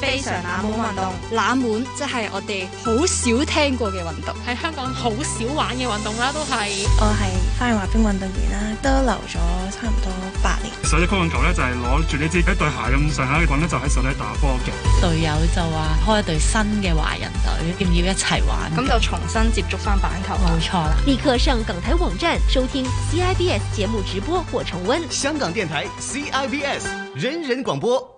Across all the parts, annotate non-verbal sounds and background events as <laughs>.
非常冷門運動，冷門即係我哋好少聽過嘅運動，喺香港好少玩嘅運動啦，都係我係翻去滑冰運動員啦，都留咗差唔多八年。手只曲棍球咧就係攞住呢支一對鞋咁上下嘅棍咧就喺手底打波嘅。隊友就話開一隊新嘅華人隊，要唔要一齊玩？咁就重新接觸翻板球，啊。冇錯啦，立刻上港台網站收聽 CIBS 節目直播或重溫。香港電台 CIBS 人人廣播。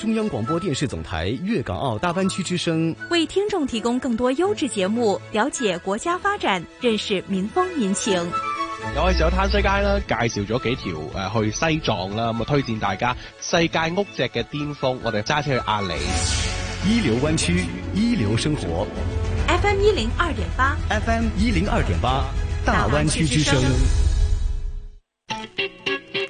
中央廣播電視總台粵港澳大灣區之聲，為聽眾提供更多優質節目，了解國家發展，認識民風民情。有嘅時候攤西街啦，介紹咗幾條誒、啊、去西藏啦，咁啊推薦大家世界屋脊嘅巔峰，我哋揸車去阿里。一流灣區，一流生活。FM 一零二點八。FM 一零二點八，大灣區之聲。 <noise>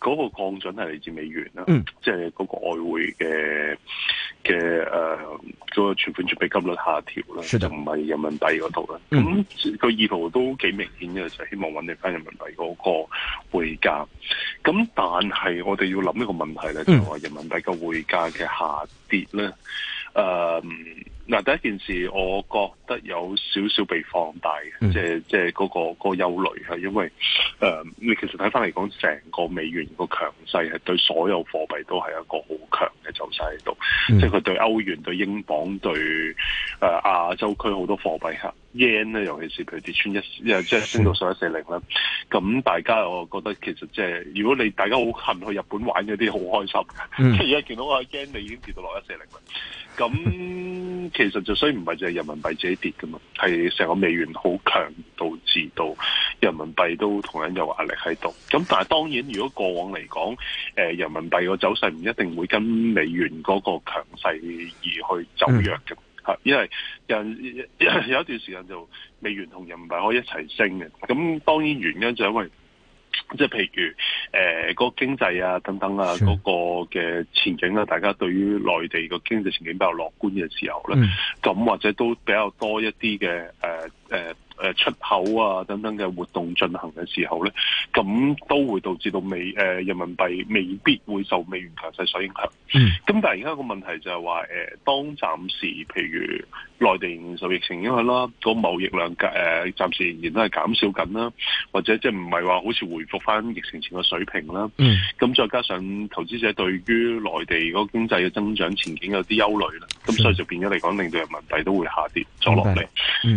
嗰、那個降準係嚟自美元啦、嗯，即係嗰個外匯嘅嘅誒，嗰、呃那個、存款準備金率下調啦，就唔係人民幣嗰度啦。咁、嗯那個意圖都幾明顯嘅，就係、是、希望穩定翻人民幣嗰個匯價。咁但係我哋要諗一個問題咧，就係、是、話人民幣嘅匯價嘅下跌咧，誒、嗯。嗯嗱，第一件事，我覺得有少少被放大，即係即係嗰個嗰個憂慮係因為，誒、呃，你其實睇翻嚟講，成個美元個強勢係對所有貨幣都係一個好強嘅走勢喺度，即係佢對歐元對英鎊對誒、呃、亞洲區好多貨幣 yen 咧，尤其是譬如跌穿一，又即係升到上一四零啦。咁大家，我覺得其實即係如果你大家好近去日本玩嗰啲，好開心嘅。即係而家見到話 yen 你已經跌到落一四零啦。咁其實就雖然唔係就係人民幣自己跌嘅嘛，係成個美元好強導致到人民幣都同樣有壓力喺度。咁但係當然，如果過往嚟講，誒人民幣個走勢唔一定會跟美元嗰個強勢而去走弱嘅。嗯嗯。因為有人有一段時間就美元同人民幣可以一齊升嘅，咁當然原因就因為即係譬如誒、呃那個經濟啊等等啊嗰、那個嘅前景啊，大家對於內地個經濟前景比較樂觀嘅時候咧，咁、嗯、或者都比較多一啲嘅誒誒。呃呃誒出口啊等等嘅活動進行嘅時候咧，咁都會導致到美誒、呃、人民幣未必會受美元強勢所影響。咁、mm. 但係而家個問題就係話、呃，當暫時譬如內地受疫情影響啦，個貿易量呃、暫時仍然都係減少緊啦，或者即係唔係話好似回復翻疫情前嘅水平啦。咁、mm. 再加上投資者對於內地嗰經濟嘅增長前景有啲憂慮啦，咁、mm. 所以就變咗嚟講令到人民幣都會下跌咗落嚟。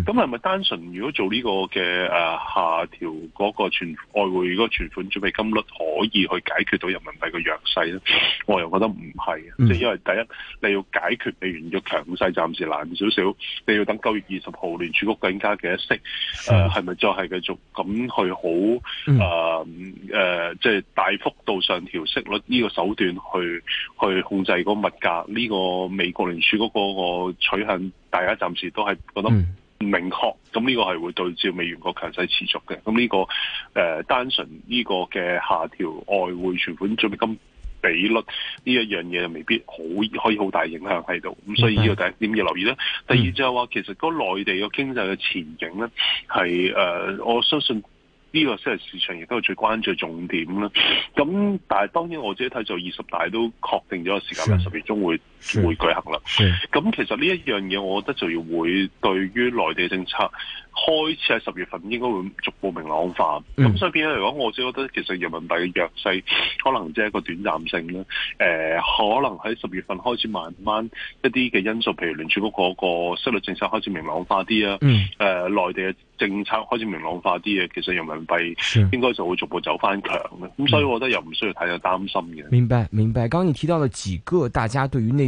咁係咪單純如果？做呢個嘅誒、啊、下調嗰個存外匯嗰存款準備金率可以去解決到人民幣嘅弱勢咧，我又覺得唔係嘅，即、嗯、係因為第一你要解決美元嘅強勢，暫時難少少。你要等九月二十號聯儲局更加嘅一息誒，係咪、啊、再係繼續咁去好誒誒，即、嗯、係、啊呃就係、大幅度上調息率呢個手段去去控制嗰個物價呢、這個美國聯儲嗰個取向，大家暫時都係覺得、嗯。明確咁呢個係會對照美元國強勢持續嘅，咁呢、這個誒、呃、單純呢個嘅下調外匯存款準備金比率呢一樣嘢，就未必好可以好大影響喺度，咁所以呢個第一點要留意咧、嗯。第二就係話，其實嗰內地嘅經濟嘅前景咧，係誒、呃，我相信呢個即係市場亦都係最關注重點啦。咁但係當然我自己睇就二十大都確定咗時間喺十月中會會舉行啦，咁其實呢一樣嘢，我覺得就要會對於內地政策開始喺十月份應該會逐步明朗化。咁所以嚟講，我自己覺得其實人民幣嘅弱勢可能只係一個短暫性啦。誒、呃，可能喺十月份開始慢慢一啲嘅因素，譬如聯儲局嗰個息率政策開始明朗化啲啊，誒、嗯，內、呃、地嘅政策開始明朗化啲啊。其實人民幣應該就會逐步走翻強。咁所以我覺得又唔需要太有擔心嘅。明白，明白。剛剛你提到了幾個大家對於內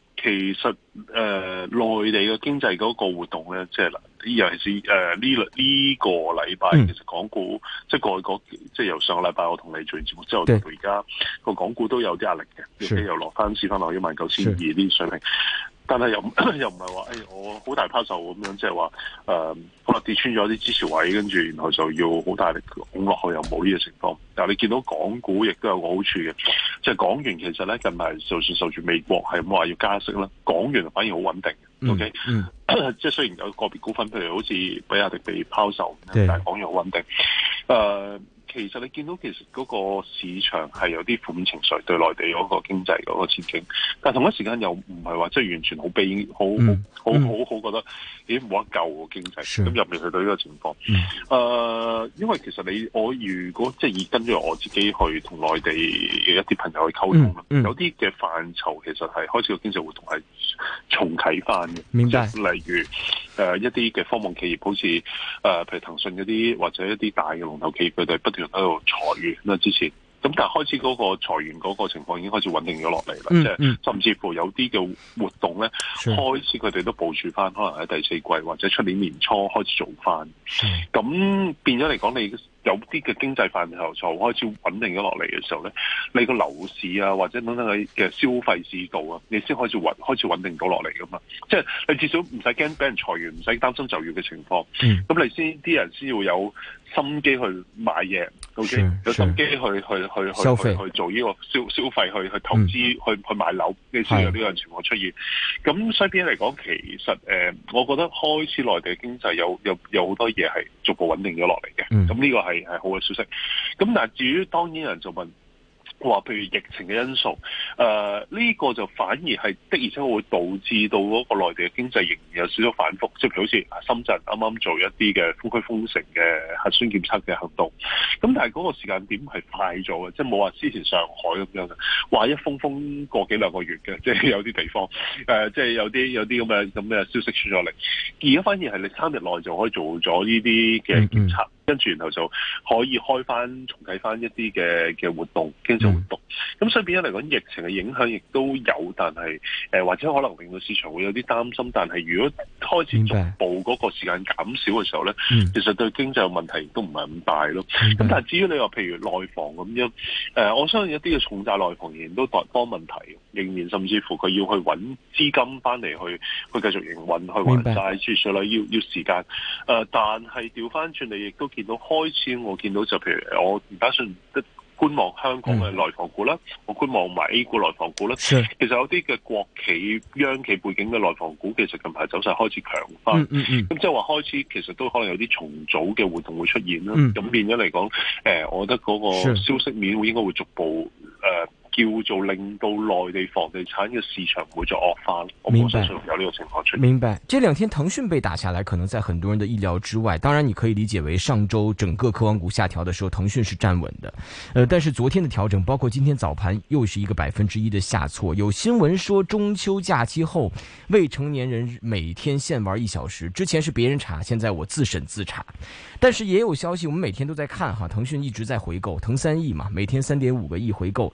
其實誒、呃，內地嘅經濟嗰個活動咧，即係尤其是誒呢呢個禮拜，其實港股、嗯、即係過去嗰即係由上個禮拜我同你做完節目之後，即我到而家個港股都有啲壓力嘅，又落翻試翻落一萬九千二啲水平。但係又 <coughs> 又唔係話誒，我大拋、就是呃、好大拋售咁樣，即係話誒，可能跌穿咗啲支持位，跟住然後就要好大力拱落去，又冇呢個情況。但係你見到港股亦都有個好處嘅，即、就、係、是、港元其實咧近排就算受住美國係咁話要加息啦，港元反而好穩定。嗯、o、okay? K，、嗯、即係雖然有個別股份，譬如好似比亞迪被拋售，但係港元好穩定。誒、呃。其實你見到其實嗰個市場係有啲負面情緒對內地嗰個經濟嗰個前景，但同一時間又唔係話即係完全好悲，好好好好覺得已經冇得救個經濟，咁入嚟去到呢個情況，誒、嗯，uh, 因為其實你我如果即係、就是、以跟住我自己去同內地嘅一啲朋友去溝通、嗯嗯、有啲嘅範疇其實係開始個經濟活動係重啟翻嘅，即例如誒、呃、一啲嘅科網企業，好似誒譬如騰訊嗰啲或者一啲大嘅龍頭企業佢哋不斷喺度裁員咁之前咁，但係開始嗰個裁員嗰個情況已經開始穩定咗落嚟啦，即係甚至乎有啲嘅活動咧，開始佢哋都部署翻，可能喺第四季或者出年年初開始做翻，咁變咗嚟講你。有啲嘅經濟範疇就開始穩定咗落嚟嘅時候咧，你個樓市啊，或者等等你嘅消費制度啊，你先開始穩開始穩定到落嚟噶嘛？即係你至少唔使驚俾人裁員，唔使擔心就業嘅情況。咁、嗯、你先啲人先要有心機去買嘢，OK，有心機去去去去去，去做呢個消消費去去投資、嗯、去去買樓，你先有呢樣情況出現。咁西邊嚟講，其實、呃、我覺得開始內地經濟有有有好多嘢係逐步穩定咗落嚟嘅。咁、嗯、呢個係。係好嘅消息，咁但係至於當然，有人就問話，譬如疫情嘅因素，誒、呃、呢，這個就反而係的而且會導致到嗰個內地嘅經濟仍然有少少反覆，即係譬如好似深圳啱啱做一啲嘅封區封城嘅核酸檢測嘅行動，咁但係嗰個時間點係快咗嘅，即係冇話之前上海咁樣嘅，話一封封過幾兩個月嘅，即係有啲地方誒、呃，即係有啲有啲咁嘅咁嘅消息出咗嚟，而家反而係你三日內就可以做咗呢啲嘅檢測。嗯嗯跟住，然後就可以開翻、重啟翻一啲嘅嘅活動、經濟活動。咁所以變咗嚟講，嗯、疫情嘅影響亦都有，但係誒、呃，或者可能令到市場會有啲擔心。但係如果開始逐步嗰個時間減少嘅時候咧、嗯，其實對經濟嘅問題亦都唔係咁大咯。咁、嗯嗯、但係至於你話譬如內房咁樣，誒、呃，我相信一啲嘅重責內房仍然都多方問題。仍然甚至乎佢要去揾資金翻嚟去去繼續營運去還債，諸如此類，要要時間。誒、呃，但係調翻轉你亦都見到開始，我見到就譬如我唔打算得觀望香港嘅內房股啦、嗯，我觀望埋 A 股內房股啦。其實有啲嘅國企、央企背景嘅內房股，其實近排走勢開始強翻。咁即係話開始，其實都可能有啲重組嘅活動會出現啦。咁、嗯、變咗嚟講，誒、呃，我覺得嗰個消息面會應該會逐步誒。叫做令到內地房地產的市場會再惡翻，我相信有這個情況出現。明白，這兩天騰訊被打下來，可能在很多人的意料之外。當然，你可以理解為上周整個科網股下調的時候，騰訊是站穩的。呃，但是昨天的調整，包括今天早盤又是一個百分之一的下挫。有新聞說中秋假期後，未成年人每天限玩一小時。之前是別人查，現在我自審自查。但是也有消息，我們每天都在看哈，騰訊一直在回購，騰三億嘛，每天三點五個億回購。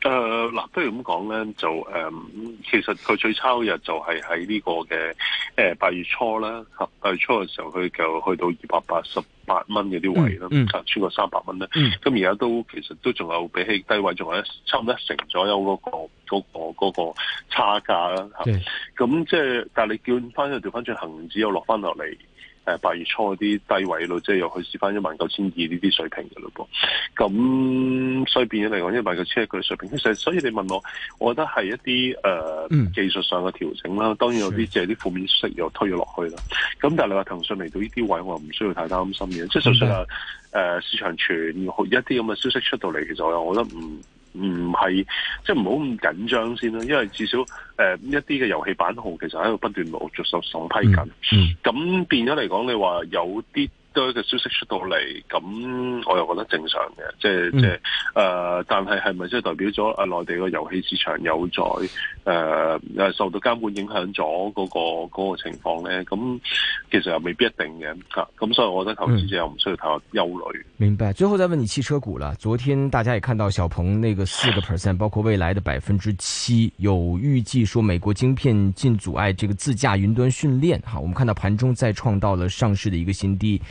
誒、嗱，不如咁講咧，就誒、嗯,其實佢最差嗰日就係喺呢個嘅誒八月初啦，八、啊、八月初嘅時候佢就去到二百八十八蚊嘅啲位啦，嗯，超過三百蚊呢，咁而家都其實都仲有比起低位仲有差唔多一成左右嗰、嗰個嗰、嗰個嗰、嗰個嗰個差價啦，吓、啊，咁即係，但係你叫翻又調翻轉恒指又落翻落嚟，誒、呃、八月初嗰啲低位咯，即係又去試翻一萬九千二呢啲水平嘅咯噃。咁所以變咗嚟講，一萬九千佢嘅水平。其實所以你問我，我覺得係一啲誒、呃、技術上嘅調整啦。當然有啲即係啲負面息又推咗落去啦。咁但係你話騰訊嚟到呢啲位，我又唔需要太擔心嘅。即係就算話誒市場傳一啲咁嘅消息出到嚟，其實我又覺得唔。唔係，即係唔好咁緊張先啦，因為至少誒、呃、一啲嘅遊戲版號其實喺度不斷陸續審批緊，咁、嗯嗯、變咗嚟講，你話有啲。多一個消息出到嚟，咁我又覺得正常嘅，即係即係誒，但係係咪即係代表咗啊？內地個遊戲市場有在誒誒、呃、受到監管影響咗嗰個嗰、那個情況咧？咁其實又未必一定嘅吓，咁所以我覺得投資者又唔需要太過憂慮。明白。最後再問你汽車股啦，昨天大家也看到小鵬那個四個 percent，包括未來的百分之七，有預計說美國晶片禁阻礙這個自駕雲端訓練。哈，我們看到盤中再創到了上市的一個新低。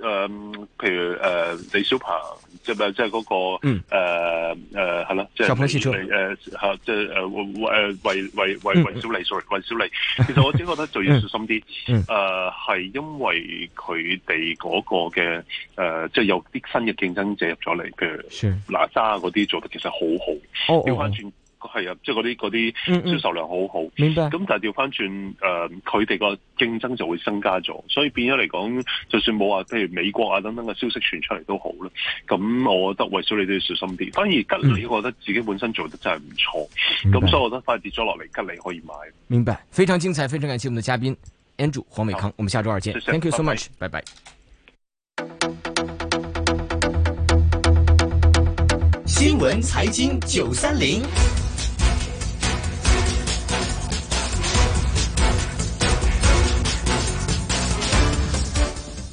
誒、嗯，譬如誒李小鵬，即係咪即係嗰個？嗯誒誒，係、呃、咯。小、嗯、即係誒，我我誒，為為小麗 sorry，為小麗。其實我只覺得就要小心啲。誒、嗯，係、嗯呃、因為佢哋嗰個嘅誒、呃，即係有啲新嘅競爭者入咗嚟，譬如哪吒嗰啲做得其實好好。翻係啊，即係嗰啲嗰啲銷售量好好。嗯嗯，明白。咁但係掉返轉，誒、呃，佢哋個競爭就會增加咗，所以變咗嚟講，就算冇話譬如美國啊等等嘅消息傳出嚟都好啦。咁我覺得蔚小理都要小心啲，反而吉利我覺得自己本身做得真係唔錯，咁、嗯、所以我覺得快跌咗落嚟，吉利可以買。明白，非常精彩，非常感謝我們的嘉賓 Andrew 黃偉康，我們下周二見，謝謝。Thank you so much，拜拜。新聞財經九三零。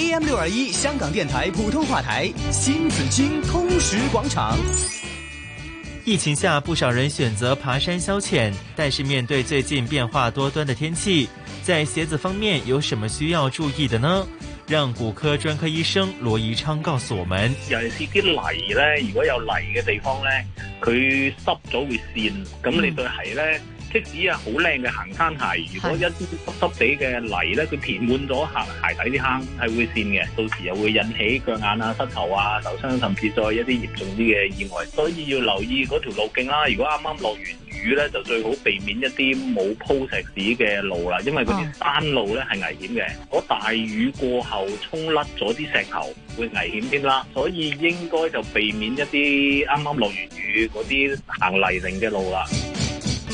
AM 六二一香港電台普通話台，新紫荊通識廣場。疫情下，不少人選擇爬山消遣，但是面對最近變化多端的天氣，在鞋子方面有什麼需要注意的呢？讓骨科專科醫生羅宜昌告訴我們。尤其是啲泥咧，如果有泥嘅地方咧，佢濕咗會跣，咁你對鞋呢、嗯即使啊，好靚嘅行山鞋。如果一啲濕濕地嘅泥呢，佢填滿咗行鞋底啲坑，係會跣嘅。到時又會引起腳眼啊、膝頭啊、受傷，甚至再一啲嚴重啲嘅意外。所以要留意嗰條路徑啦。如果啱啱落完雨呢，就最好避免一啲冇鋪石子嘅路啦，因為嗰啲山路呢係危險嘅。嗰、嗯、大雨過後沖甩咗啲石頭，會危險啲啦。所以應該就避免一啲啱啱落完雨嗰啲行泥濘嘅路啦。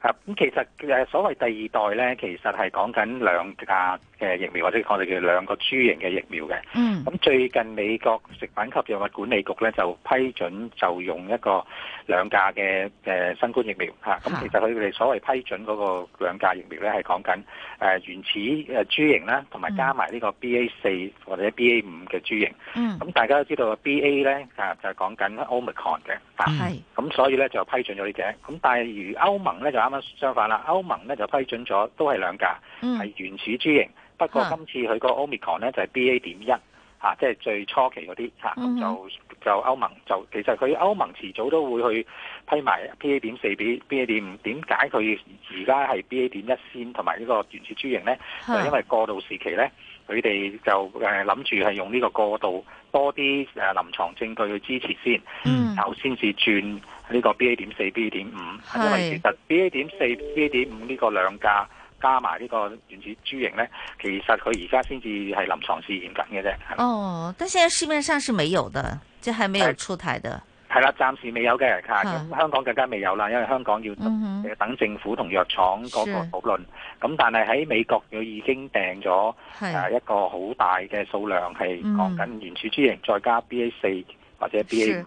啊，咁其實誒所謂第二代咧，其實係講緊兩價嘅疫苗，或者我哋叫兩個豬型嘅疫苗嘅。嗯。咁最近美國食品及藥物管理局咧就批准就用一個兩價嘅誒新冠疫苗嚇。咁、啊、其實佢哋所謂批准嗰個兩價疫苗咧係講緊誒原始誒豬型啦，同埋加埋呢個 B A 四或者 B A 五嘅豬型。咁、嗯啊、大家都知道 B A 咧啊就係講緊奧 o n 嘅。嗯、啊。咁、啊、所以咧就批准咗呢隻。咁但係如歐盟咧就。相反啦，歐盟咧就批准咗，都係兩架，係、嗯、原始株型。不過今次佢個 Omicron 呢就係、是、B A 點一、啊、嚇，即、就、係、是、最初期嗰啲，咁就就歐盟就其實佢歐盟遲早都會去批埋 B A 點四 B B A 點五。點解佢而家係 B A 點一先同埋呢個原始株型咧？就因為過渡時期咧，佢哋就誒諗住係用呢個過渡多啲誒臨床證據去支持先，然後先至轉。呢、這個 B A 點四、B A 點五因為其實 B A 點四、B A 點五呢個兩價加埋呢個原始株型咧，其實佢而家先至係臨床試驗緊嘅啫。哦，但係現在市面上係沒有的，即係還沒有出台的。係啦，暫時未有嘅藥卡嘅，香港更加未有啦，因為香港要等政府同藥廠嗰個討論。咁但係喺美國佢已經訂咗誒一個好大嘅數量，係講緊原始株型再加 B A 四或者 B A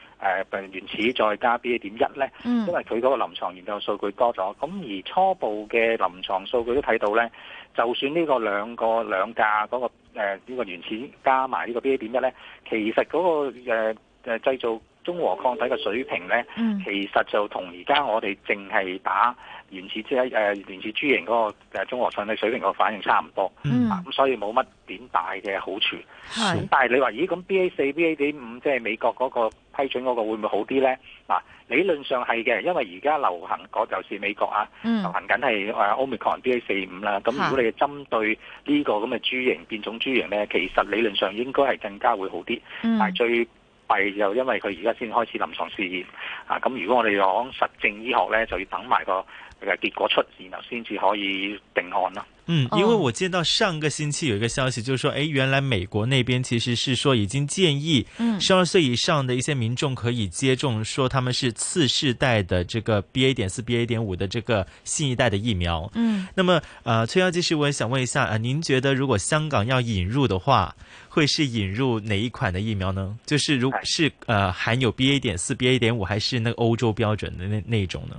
誒、呃、原始再加 B A 點一咧、嗯，因為佢嗰個臨床研究數據多咗，咁而初步嘅臨床數據都睇到咧，就算呢個兩個兩價嗰、那個呢、呃這個原始加埋呢個 B A 點一咧，其實嗰、那個誒誒、呃、製造中和抗體嘅水平咧、嗯，其實就同而家我哋淨係打原始即係誒原始豬型嗰個中和抗體水平個反應差唔多，咁、嗯啊、所以冇乜點大嘅好處。咁但係你話咦咁 B A 四 B A 點五即係美國嗰、那個？批准嗰個會唔會好啲呢？嗱、啊，理論上係嘅，因為而家流行嗰就是美國啊，嗯、流行緊係誒奧密 o n BA 四五啦。咁如果你針對呢個咁嘅豬型、啊、變種豬型呢，其實理論上應該係更加會好啲、嗯。但係最弊就是因為佢而家先開始臨床試驗啊！咁如果我哋講實證醫學呢，就要等埋個。結果出現啦，先至可以定案。嗯，因為我見到上個星期有一個消息就是，就說誒，原來美國那邊其實是說已經建議，嗯，十二歲以上的一些民眾可以接種，說他們是次世代的這個 B A. 點四 B A. 點五的這個新一代的疫苗。嗯，那麼，呃，崔藥劑師，其實我也想問一下，啊、呃，您覺得如果香港要引入的話，會是引入哪一款的疫苗呢？就是如果是，是呃，含有 B A. 點四 B A. 點五，還是那個歐洲標準的那那種呢？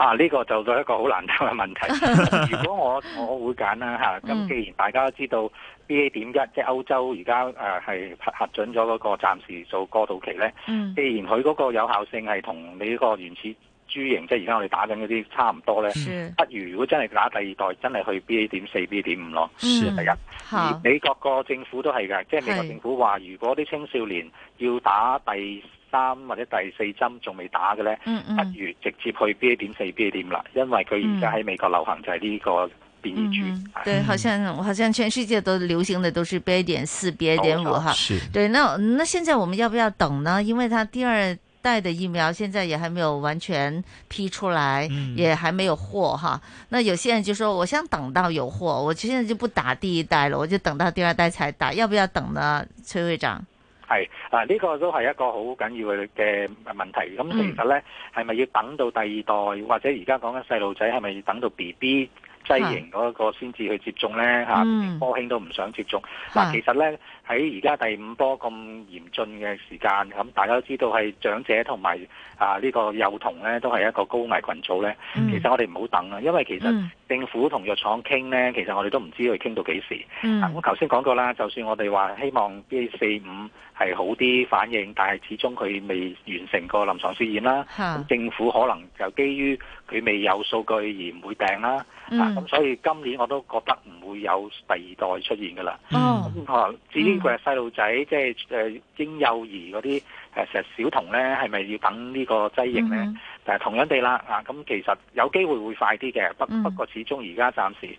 啊！呢，這個就到一個好難得嘅問題。 <laughs> 如果我我會揀啦嚇。咁，啊，既然大家都知道 B A 點一，嗯，即係歐洲而家誒係核准咗嗰個暫時做過渡期咧，嗯，既然佢嗰個有效性係同你嗰個原始豬型即係而家我哋打緊嗰啲差唔多咧，不如如果真係打第二代真係去 BA B A 點四 B A 點五咯，係啊，嗯。而美國個政府都係嘅，即係美國政府話如果啲青少年要打第。三或者第四針仲未打嘅咧，不如，嗯嗯，直接去 B. 點四 B. 點啦，因為佢而家喺美國流行就係呢個變異株。對，好像好像全世界都流行的都是 B. 點四 B. 點五哈。是。對，那那現在我們要不要等呢？因為他第二代的疫苗現在也還沒有完全批出來，嗯、也還沒有貨哈。那有些人就說：我想等到有貨，我現在就不打第一代了，我就等到第二代才打。要不要等呢？崔會長？係，嗱、啊、呢、這個都係一個好緊要嘅問題。咁其實咧，係、嗯、咪要等到第二代，或者而家講緊細路仔係咪要等到 B B 劑型嗰個先至去接種咧？嚇、嗯，科、啊、興都唔想接種。嗱、啊，其實咧。喺而家第五波咁嚴峻嘅時間，咁大家都知道係長者同埋啊呢個幼童咧都係一個高危群組咧。其實我哋唔好等啦，因為其實政府同藥廠傾咧，其實我哋都唔知佢傾到幾時。咁頭先講過啦，就算我哋話希望 B 四五係好啲反應，但係始終佢未完成過臨床試驗啦。咁政府可能就基於佢未有數據而唔會訂啦。咁所以今年我都覺得唔會有第二代出現㗎啦。咁啊至於佢係細路仔，即係誒嬰幼兒嗰啲誒成日小童咧，係咪要等呢個劑型咧？但、mm、係 -hmm. 同樣地啦，啊咁其實有機會會快啲嘅，不不過始終而家暫時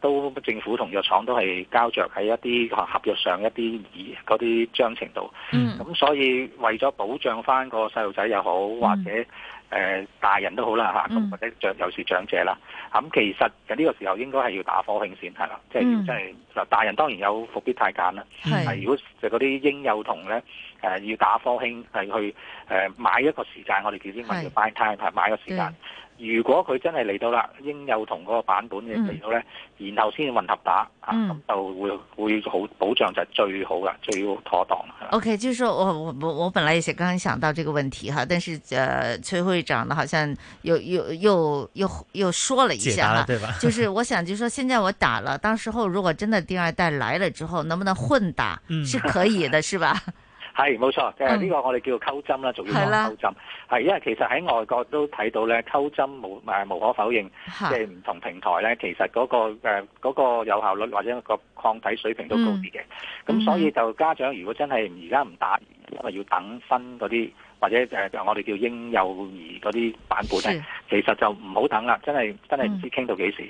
都政府同藥廠都係交着喺一啲合約上一啲嗰啲章程度，咁、mm -hmm. 所以為咗保障返個細路仔又好，或者。Mm -hmm. 誒、呃、大人都好啦嚇，或者長有時長者啦，咁、嗯、其實就呢個時候應該係要打科興先，係啦，即係即係嗱大人當然有復必泰揀啦，係如果就嗰啲嬰幼童咧。誒、呃、要打科興係去誒、呃、買一個時間，我哋叫英文叫 buy time 買一個時間。如果佢真係嚟到啦，應有同嗰個版本嘅嚟到咧、嗯，然後先混合打、嗯、啊，就會會好保障就最好噶，最妥當。O、okay, K，就係說，我我我我本來也是剛剛想到這個問題哈，但是誒、呃、崔會長呢，好像又又又又說說了一下啦，對吧？就是我想，就是說，現在我打了， <laughs> 當時候如果真的第二代來了之後，能不能混打？嗯，是可以的，是吧？ <laughs> 係冇錯，誒、嗯、呢、這個我哋叫做溝針啦，仲要講溝針。係因為其實喺外國都睇到咧，溝針冇誒無可否認，即係唔同平台咧，其實嗰、那個誒、呃那個、有效率或者那個抗體水平都高啲嘅。咁、嗯、所以就家長如果真係而家唔打，因為要等新嗰啲或者誒我哋叫嬰幼兒嗰啲版本咧，其實就唔好等啦，真係真係唔知傾到幾時、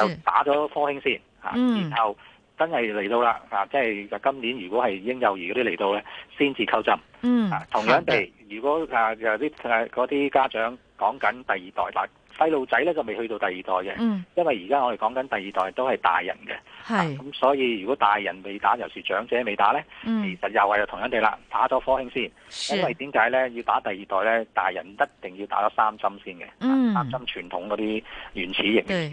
嗯，就打咗科興先嚇、嗯啊，然後。真係嚟到啦嚇、啊！即係今年，如果係嬰幼兒嗰啲嚟到咧，先至溝針。嗯、啊，同樣地，如果啊有啲誒嗰啲家長講緊第二代，嗱，細路仔咧就未去到第二代嘅、嗯，因為而家我哋講緊第二代都係大人嘅。係咁，啊、所以如果大人未打，尤其是長者未打咧、嗯，其實又係又同樣地啦，打咗科興先。因為點解咧要打第二代咧？大人一定要打咗三針先嘅、嗯啊。三針傳統嗰啲原始型嘅。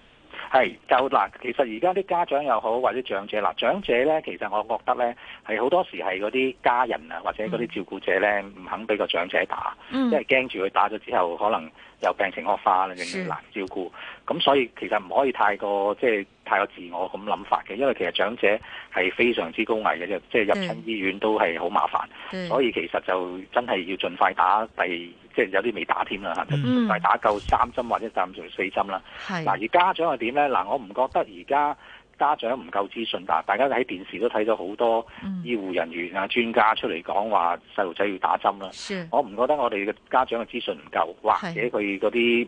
係，就嗱，其實而家啲家長又好，或者長者嗱，長者咧，其實我覺得咧，係好多時係嗰啲家人啊，或者嗰啲照顧者咧，唔、嗯、肯俾個長者打，嗯、因為驚住佢打咗之後，可能又病情惡化，令到難照顧。咁所以其實唔可以太過即係、就是、太過自我咁諗法嘅，因為其實長者係非常之高危嘅，即、嗯、係入親醫院都係好麻煩，嗯、所以其實就真係要盡快打第。即係有啲未打添啦，係咪？係打夠三針或者暫時四針啦。嗱，而家長係點咧？嗱，我唔覺得而家家長唔夠資訊。嗱，大家喺電視都睇咗好多醫護人員啊、嗯、專家出嚟講話細路仔要打針啦。我唔覺得我哋嘅家長嘅資訊唔夠，或者佢嗰啲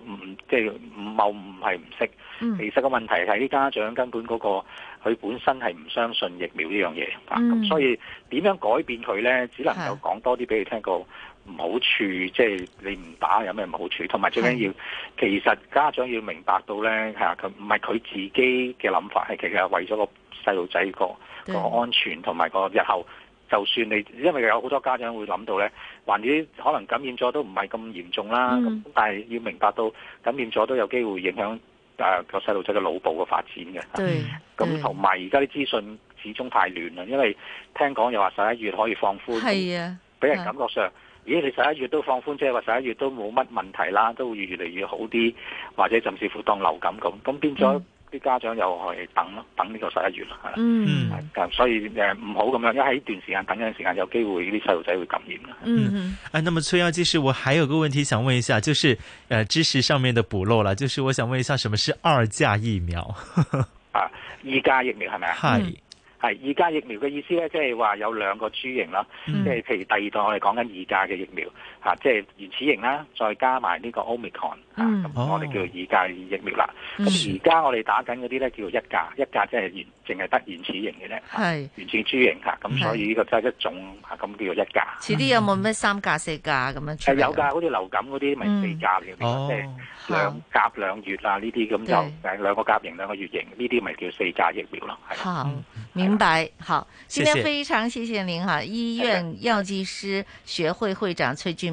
即係唔係唔識。其實個問題係啲家長根本嗰、嗰個佢本身係唔相信疫苗呢樣嘢。咁所以點樣改變佢咧？只能夠講多啲俾你聽過。唔好處，即係你唔打有咩唔好處？同埋最緊要，其實家長要明白到呢，係啊，佢唔係佢自己嘅諗法，係其實為咗個細路仔個安全同埋個日後，就算你因為有好多家長會諗到呢，或者可能感染咗都唔係咁嚴重啦。咁，嗯，但係要明白到感染咗都有機會影響個細路仔嘅腦部嘅發展嘅。咁同埋而家啲資訊始終太亂啦，因為聽講又話十一月可以放寬，係啊，俾人感覺上。咦、哎，你十一月都放寬，即係話十一月都冇乜問題啦，都會越嚟越好啲，或者甚至乎當流感咁，咁變咗啲家長又係等咯，等呢個十一月啦。嗯，咁、嗯啊、所以誒唔好咁樣，因為喺呢段時間等一段時間有機會啲細路仔會感染啦。嗯，誒、啊，那麼崔生，就是我還有個問題想問一下，就是誒、呃、知識上面的補漏啦，就是我想問一下，什麼是二價疫苗？ <laughs> 啊，二價疫苗係咪？係。嗯嗯係二價疫苗嘅意思咧，即係話有兩個株型啦，即係譬如第二代我哋講緊二價嘅疫苗。啊，即係原始型啦，再加埋呢個 Omicron 啊，咁我哋叫二價疫苗啦。咁而家我哋打緊嗰啲咧叫做一價、嗯，一價即係原淨係得原始型嘅啫，係、啊、原始株型嚇，咁、啊、所以呢個即係一種咁、啊、叫做一價。遲啲有冇咩三價、四價咁樣？係有㗎，嗰啲流感嗰啲咪四價嘅，即係兩甲兩乙啊呢啲咁就誒兩個甲型兩個乙型，呢啲咪叫四價疫苗咯。係、嗯啊、明白，好，今天非常謝謝您嚇，醫院藥劑師學會會長崔俊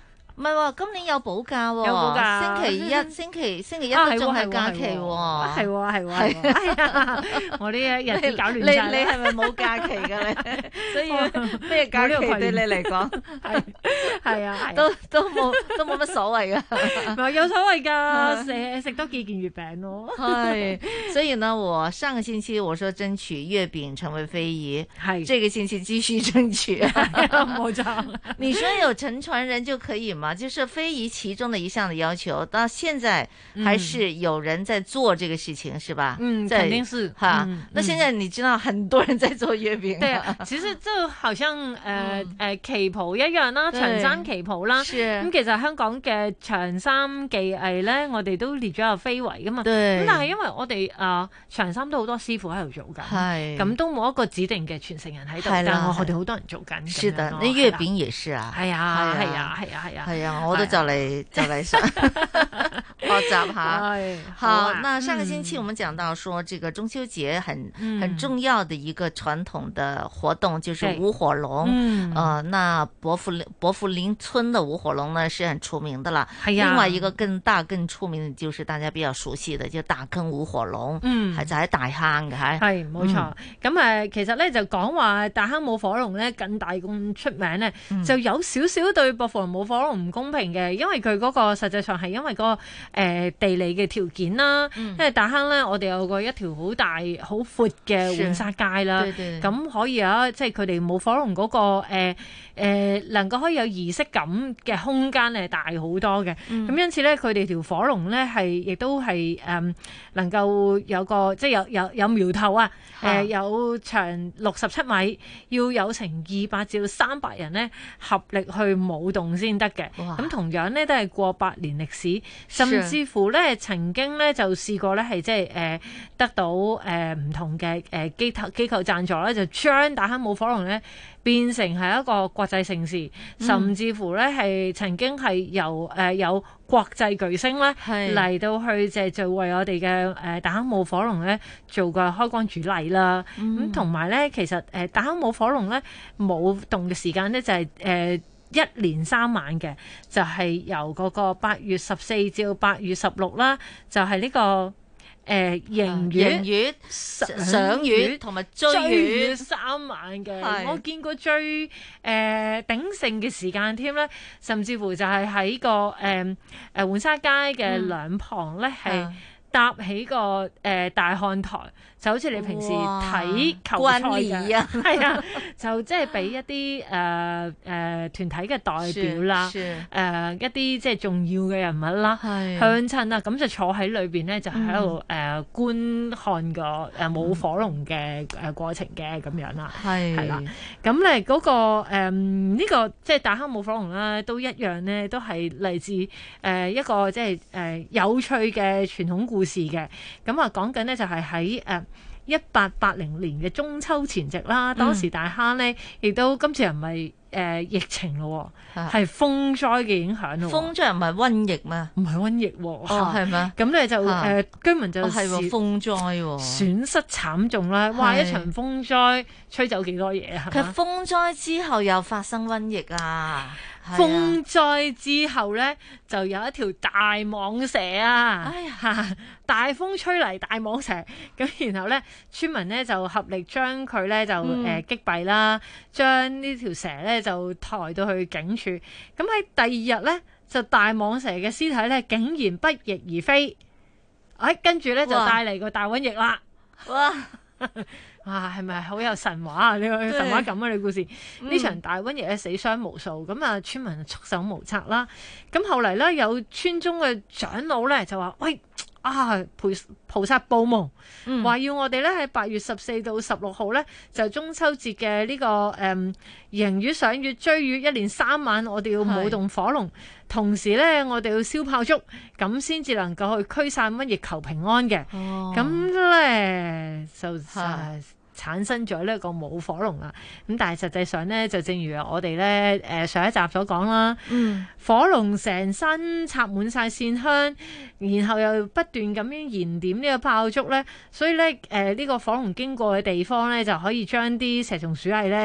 唔係喎，今年有補假、哦、有補假，星期一、星期星期一都、啊啊、仲係假期喎、哦，係喎係喎係。我一日子搞亂曬。你你係咪冇假期㗎？ <laughs> <laughs> 所以咩、啊、假期對你嚟講？係 <laughs> 係 <laughs> 啊，啊，啊，都 <laughs> 都冇都冇乜所謂㗎。唔 <laughs> 係 <laughs> 有所謂㗎，食 <laughs> 多幾件月餅咯、哦。係 <laughs> <laughs> <laughs> 所以呢，我上個星期，我說爭取月餅成為非遺，係。 <laughs> <laughs> 這個星期繼續爭取。冇錯。你說有承傳人就可以嗎？就是非遺其中的一項的要求，到現在還是有人在做這個事情，嗯、是吧？嗯，肯定是吓，啊嗯。那現在你知道很多人在做月餅、啊。對啊，其實就好像誒誒、呃嗯呃、旗袍一樣啦，長衫旗袍啦。咁、嗯、其實香港嘅長衫技藝咧，我哋都列咗入非遺噶嘛。咁但係因為我哋啊、呃、長衫都好多師傅喺度做緊。係。咁都冇一個指定嘅傳承人喺度，但係我哋好多人做緊。是係你月餅也是啊。係啊，係、哎、啊，係啊，係、哎、啊。哎哎、我都就嚟就嚟學學習下，好、啊。那上個星期我們講到說，這個中秋節很、嗯、很重要的一個傳統的活動就是舞火龍。呃、嗯，那薄扶林薄扶林村的舞火龍呢，是很出名的啦。係啊，另外一個更大更出名，就是大家比較熟悉的就大坑舞火龍。嗯，係就喺大坑嘅吓，係冇錯。咁、嗯、誒，其實咧就講話大坑舞火龍咧更大咁出名咧、嗯，就有少少對薄扶林舞火龍。唔公平嘅，因為佢嗰個實際上係因為、那個誒、呃、地理嘅條件啦、嗯，因為大坑咧，我哋有個一條好大好闊嘅浣紗街啦，咁可以啊，即係佢哋冇火龍嗰、那個誒。呃誒、呃、能夠可以有儀式感嘅空間係大好多嘅，咁、嗯、因此咧，佢哋條火龍咧係亦都係誒能夠有個即係有有有苗頭啊！誒、啊呃、有長六十七米，要有成二百至三百人咧合力去舞動先得嘅。咁同樣咧都係過百年歷史，甚至乎咧曾經咧就試過咧係即係誒、呃、得到誒唔、呃、同嘅誒機構機構贊助咧，就將大坑舞火龍咧。變成係一個國際城市，甚至乎呢係曾經係由誒、呃、有國際巨星呢嚟到去就就為我哋嘅誒大坑舞火龍呢做個開光主禮啦。咁同埋呢，其實誒大坑舞火龍呢舞動嘅時間呢，就係、是、誒、呃、一年三晚嘅，就係、是、由嗰個八月十四至到八月十六啦，就係、是、呢、這個。誒、呃，迎月、賞月同埋追月三晚嘅，我見過最誒、呃、鼎盛嘅時間添咧，甚至乎就係喺個誒誒浣紗街嘅兩旁咧，係、嗯、搭起個誒、呃、大看台。就好似你平時睇球賽㗎，係啊， <laughs> 就即係俾一啲誒誒團體嘅代表啦，誒、 <laughs> 呃、一啲即係重要嘅人物啦，向親啊，咁就坐喺裏面咧，就喺度誒觀看個誒舞火龍嘅誒過程嘅咁樣啦，係、嗯、啦，咁咧嗰個呢、呃這個即係大坑舞火龍啦，都一樣咧，都係嚟自誒、呃、一個即係誒、呃、有趣嘅傳統故事嘅，咁啊講緊咧就係喺誒。呃一八八零年嘅中秋前夕啦，嗯、當時大坑咧亦都今次又唔係誒疫情咯，係、啊、風災嘅影響咯。風災又唔係瘟疫咩？唔係瘟疫喎、啊。哦，係咩？咁咧就誒、啊呃、居民就係、啊啊、風災喎、啊，損失慘重啦、啊。哇！一場風災吹走幾多嘢啊？佢、啊、風災之後又發生瘟疫啊？啊、風災之後呢，就有一條大蟒蛇啊！哎呀，大風吹嚟大蟒蛇，咁然後呢，村民呢就合力將佢呢就誒擊斃啦，將呢條蛇呢就抬到去警署。咁喺第二日呢，就大蟒蛇嘅屍體呢竟然不翼而飛，哎、跟住呢，就帶嚟個大瘟疫啦！哇！哇 <laughs> 哇、啊，係咪好有神話啊？呢、這個神話咁啊，你、這個、故事呢，場大瘟疫死傷無數，咁、嗯、啊，村民束手無策啦。咁後嚟咧，有村中嘅長老咧就話：喂。啊！菩菩薩報夢，話、嗯、要我哋咧喺八月十四到十六號咧，就中秋節嘅呢個誒迎月賞月追月，一連三晚我哋要舞動火龍，同時咧我哋要燒炮竹，咁先至能夠去驅散瘟疫求平安嘅。咁咧就產生咗呢一個舞火龍啦，咁但係實際上咧就正如我哋咧上一集所講啦、嗯，火龍成身插滿晒線香，然後又不斷咁樣燃點呢個爆竹咧，所以咧呢個火龍經過嘅地方咧就可以將啲蛇蟲鼠蟻咧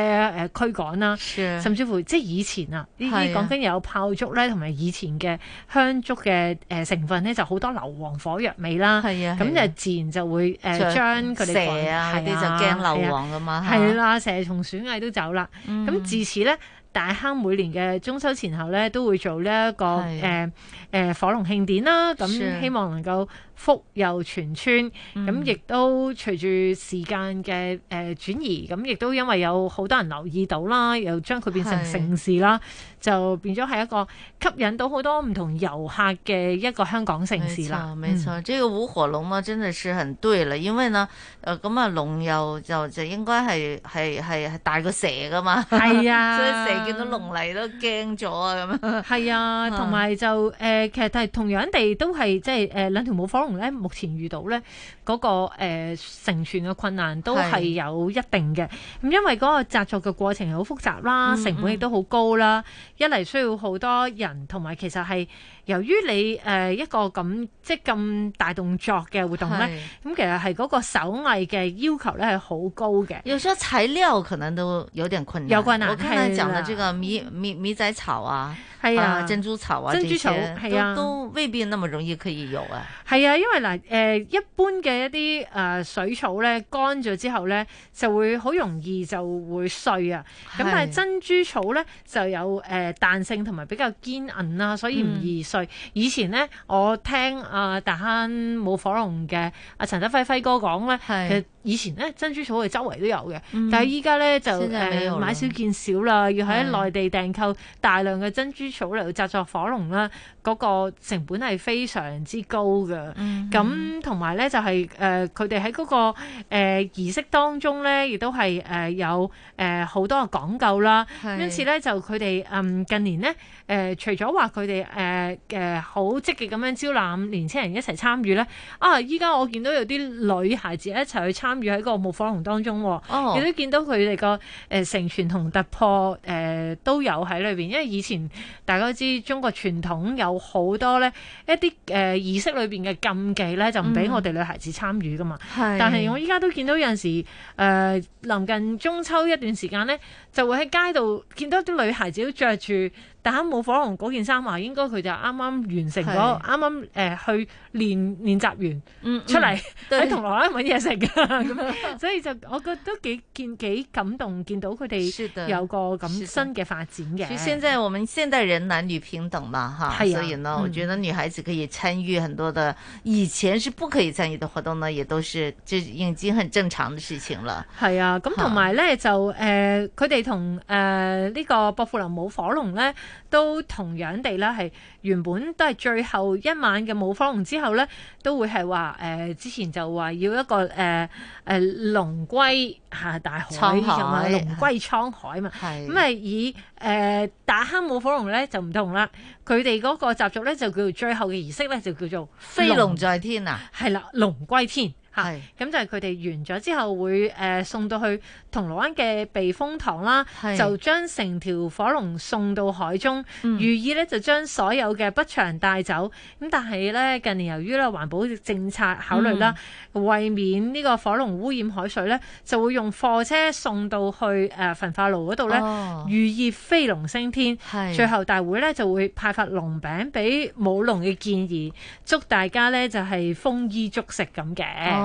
誒驅趕啦、啊，甚至乎即係以前有啊，呢啲講緊有爆竹咧同埋以前嘅香燭嘅成分咧就好多硫磺火藥味啦，咁、啊啊、就自然就會誒將佢哋蛇啊，係啊流亡噶嘛，係啦、啊，蛇蟲鼠蟻都走啦。咁、嗯、自此呢，大坑每年嘅中秋前後呢，都會做呢、這、一個誒誒、啊呃、火龍慶典啦。咁、啊、希望能夠福佑全村。咁、嗯、亦都隨住時間嘅誒轉移，咁亦都因為有好多人留意到啦，又將佢變成盛事啦。就變咗係一個吸引到好多唔同遊客嘅一個香港城市啦、嗯。冇錯，呢、呢個舞火龍啊，真係很對啦。因為呢，咁、呃、啊，龍又就就應該係係係大過蛇噶嘛。係啊， <laughs> 所以蛇見到龍嚟都驚咗啊，咁樣。係啊，同埋就、呃、其實同樣地都係即係誒兩條舞火龍咧，目前遇到咧嗰、那個、呃、成全嘅困難都係有一定嘅。咁因為嗰個紮作嘅過程係好複雜啦，成、嗯、本亦都好高啦。一嚟需要好多人，同埋其實係由於你、呃、一個咁即咁大動作嘅活動咧，咁其實係嗰個手藝嘅要求咧係好高嘅。有些材料可能都有點困難，有關難，我剛才講嘅呢個米米米仔草啊。係啊，珍珠草啊，珍珠草，啊、都都未必那麼容易可以有啊。係啊，因為嗱，誒、呃，一般嘅一啲誒、呃、水草咧，乾咗之後咧，就會好容易就會碎啊。咁但係珍珠草咧就有誒彈、呃、性同埋比較堅韌啦，所以唔易碎。嗯、以前咧，我聽阿大坑舞火龍嘅阿陳德輝輝哥講咧，係。以前咧，珍珠草嘅周圍都有嘅、嗯，但係依家咧就誒買少見少啦，要喺內地訂購大量嘅珍珠草嚟到製作火龍啦，嗰、那個成本係非常之高嘅。咁同埋咧就係誒佢哋喺嗰個誒、呃、儀式當中咧，亦都係誒有誒好多嘅講究啦。因此咧就佢哋嗯近年咧。誒、呃，除咗話佢哋誒好積極咁樣招攬年青人一齊參與咧，啊！依家我見到有啲女孩子一齊去參與喺個木火龍當中，亦都見到佢哋個成傳同突破誒、呃、都有喺裏面。因為以前大家都知中國傳統有好多咧一啲誒、呃、儀式裏面嘅禁忌咧，就唔俾我哋女孩子參與噶嘛。嗯、但係我依家都見到有陣時誒臨、呃、近中秋一段時間咧，就會喺街度見到啲女孩子都着住。但舞火龍嗰件衫話，應該佢就啱啱完成咗，啱啱誒去練練習完、嗯嗯、出嚟喺銅鑼灣揾嘢食咁嘅，所以就我覺得幾見幾感動，見到佢哋有個咁新嘅發展嘅。所以現在我們現代人男女平等嘛，哈、啊，所以呢、嗯，我覺得女孩子可以參與很多的以前是不可以參與的活動呢，也都是就已經很正常的事情啦。係啊，咁同埋咧就誒佢哋同誒呢個薄扶林舞火龍咧。都同樣地啦，係原本都係最後一晚嘅舞火龍之後咧，都會係話誒，之前就話要一個誒誒、呃呃、龍歸下大海，同埋龍歸滄海嘛。咁係以誒大坑舞火龍咧就唔同啦，佢哋嗰個習俗咧就叫做最後嘅儀式咧就叫做飛龍，龍在天啊，係啦，龍歸天。係、啊，咁就係佢哋完咗之後會、呃、送到去銅鑼灣嘅避風塘啦，就將成條火龍送到海中，嗯、寓意咧就將所有嘅不祥帶走。咁但係咧近年由於咧環保政策考慮啦，為、嗯、免呢個火龍污染海水咧，就會用貨車送到去誒焚化爐嗰度咧，寓意飛龍升天。最後大會咧就會派發龍餅俾舞龍嘅建議，祝大家咧就係、是、豐衣足食咁嘅。哦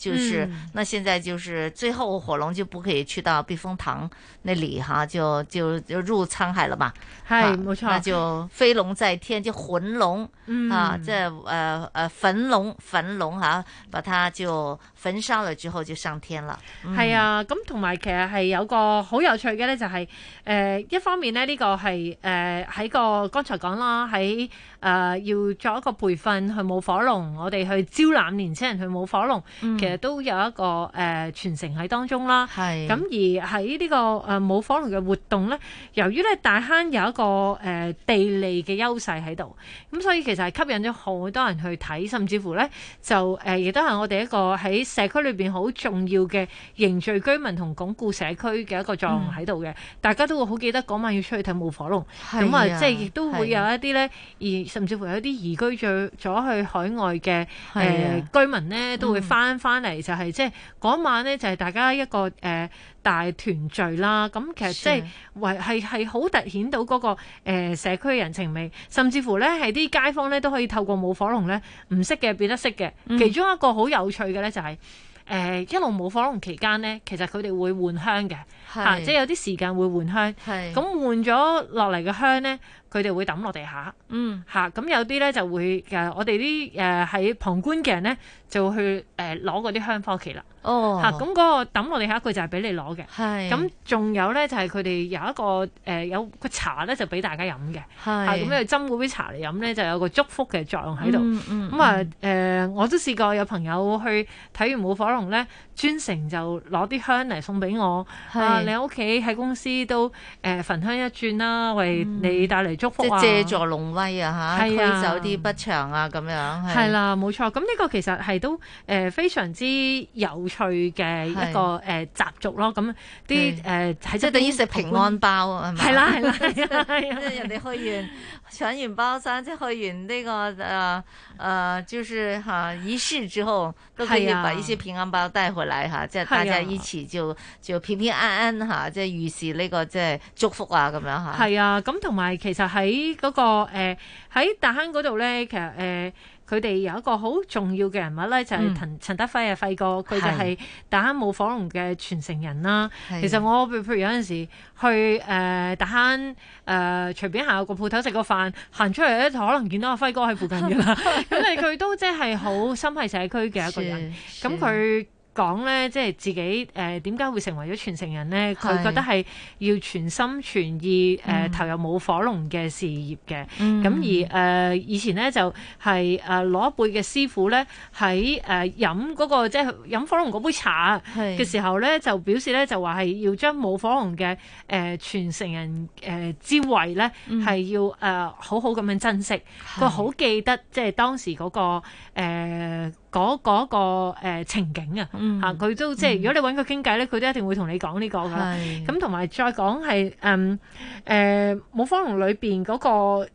就是，那現在就是最後火龍就不可以去到避風塘那裏哈，就就就入滄海了嘛，係，冇錯。那就飛龍在天，就魂龍、嗯、啊，即係呃呃焚龍焚龍吓、啊，把它就焚燒了之後就上天了。係、嗯、啊，咁同埋其實係有個好有趣嘅咧、就是，就係誒一方面咧呢、這個係誒喺個剛才講啦，喺誒、呃、要做一個培訓去舞火龍，我哋去招攬年輕人去舞火龍，嗯都有一個誒傳、呃、承喺當中啦，係，咁而喺呢、這個誒舞、呃、火龍嘅活動咧，由於咧大坑有一個誒、呃、地利嘅優勢喺度，咁所以其實係吸引咗好多人去睇，甚至乎咧就誒亦、呃、都係我哋一個喺社區裏邊好重要嘅凝聚居民同鞏固社區嘅一個作用喺度嘅。大家都會好記得嗰晚要出去睇舞火龍，咁啊，、嗯、啊，啊，即係亦都會有一啲咧、啊，而甚至乎有啲移居咗咗去海外嘅誒、啊呃、居民咧，都會翻翻、嗯。嚟就係即係嗰晚咧，就係、是就是、大家一個誒、呃、大團聚啦。咁其實即係為係係好凸顯到嗰、那個誒、呃、社區嘅人情味，甚至乎咧係啲街坊咧都可以透過舞火龍咧唔識嘅變得識嘅、嗯。其中一個好有趣嘅咧就係、是、誒、呃、一路舞火龍期間咧，其實佢哋會換香嘅吓，即係、啊就是、有啲時間會換香。咁換咗落嚟嘅香咧，佢哋會抌落地下，嗯咁、啊、有啲咧就會、呃、我哋啲誒喺旁觀嘅人咧，就會去誒攞嗰啲香火旗啦，哦咁嗰、啊、個抌落地下，佢就係俾你攞嘅，係，咁、啊、仲有咧就係佢哋有一個誒、呃、有個茶咧，就俾大家飲嘅，係，咁你斟嗰杯茶嚟飲咧，就有個祝福嘅作用喺度，咁、嗯嗯嗯、啊、呃、我都試過有朋友去睇完舞火龍咧，專程就攞啲香嚟送俾我，係、啊，你喺屋企喺公司都誒、呃、焚香一轉啦，為你帶嚟。祝福啊、即係借助龍威啊吓、啊、驅走啲不祥啊咁樣。係啦、啊，冇、啊、錯。咁呢個其實係都、呃、非常之有趣嘅一個誒習俗咯。咁啲係即係等於食平安包係咪？係啦係啦，即係、啊啊啊啊啊啊啊啊、人哋開完。搶完包山即係去完呢、這個誒誒、呃，就是吓儀、啊、式之後，都可以把一些平安包帶回來吓，即係、啊啊、大家一起就，就平平安安吓，即係預示呢個即係祝福啊咁樣吓。係啊，咁同埋其實喺嗰、那個誒喺、呃、大坑嗰度咧，其實誒。呃佢哋有一個好重要嘅人物咧，就係、是、陳陳德輝啊、嗯，輝哥，佢就係大坑舞火龍嘅傳承人啦。其實我譬如有陣時候去誒、呃、大坑誒、呃、隨便行個鋪頭食個飯，行出嚟咧就可能見到阿輝哥喺附近㗎啦。咁誒佢都即係好深係社區嘅一個人，咁佢。講咧，即係自己誒點解會成為咗傳承人咧？佢覺得係要全心全意誒、呃、投入舞火龍嘅事業嘅。咁而誒、呃、以前咧就係誒攞一輩嘅師傅咧喺誒飲嗰、那個即係飲火龍嗰杯茶嘅時候咧，就表示咧就話係要將舞火龍嘅誒傳承人誒、呃、之位咧係要誒、呃、好好咁樣珍惜。佢好記得即係當時嗰、那個、呃嗰、那、嗰個、那個呃、情景啊，嚇、嗯、佢、啊、都即係如果你搵佢傾偈咧，佢、嗯、都一定會同你講呢個噶、啊、啦。咁同埋再講係誒誒舞火龍裏面嗰、那個、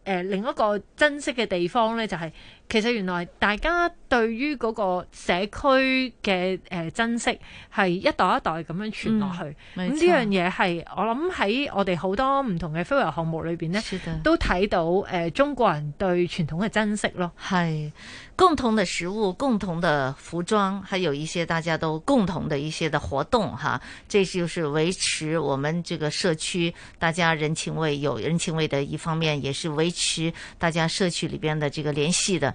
呃、另一個珍惜嘅地方咧，就係、是。其實原來大家對於嗰個社區嘅誒、呃、珍惜係一代一代咁樣傳落去，呢、嗯、樣嘢係我諗喺我哋好多唔同嘅非遺項目裏邊咧，都睇到誒、呃、中國人對傳統嘅珍惜咯。係共同的食物、共同的服裝，還有一些大家都共同的一些的活動吓，這就是維持我們這個社區大家人情味、有人情味的一方面，也是維持大家社區裏邊的這個聯繫的。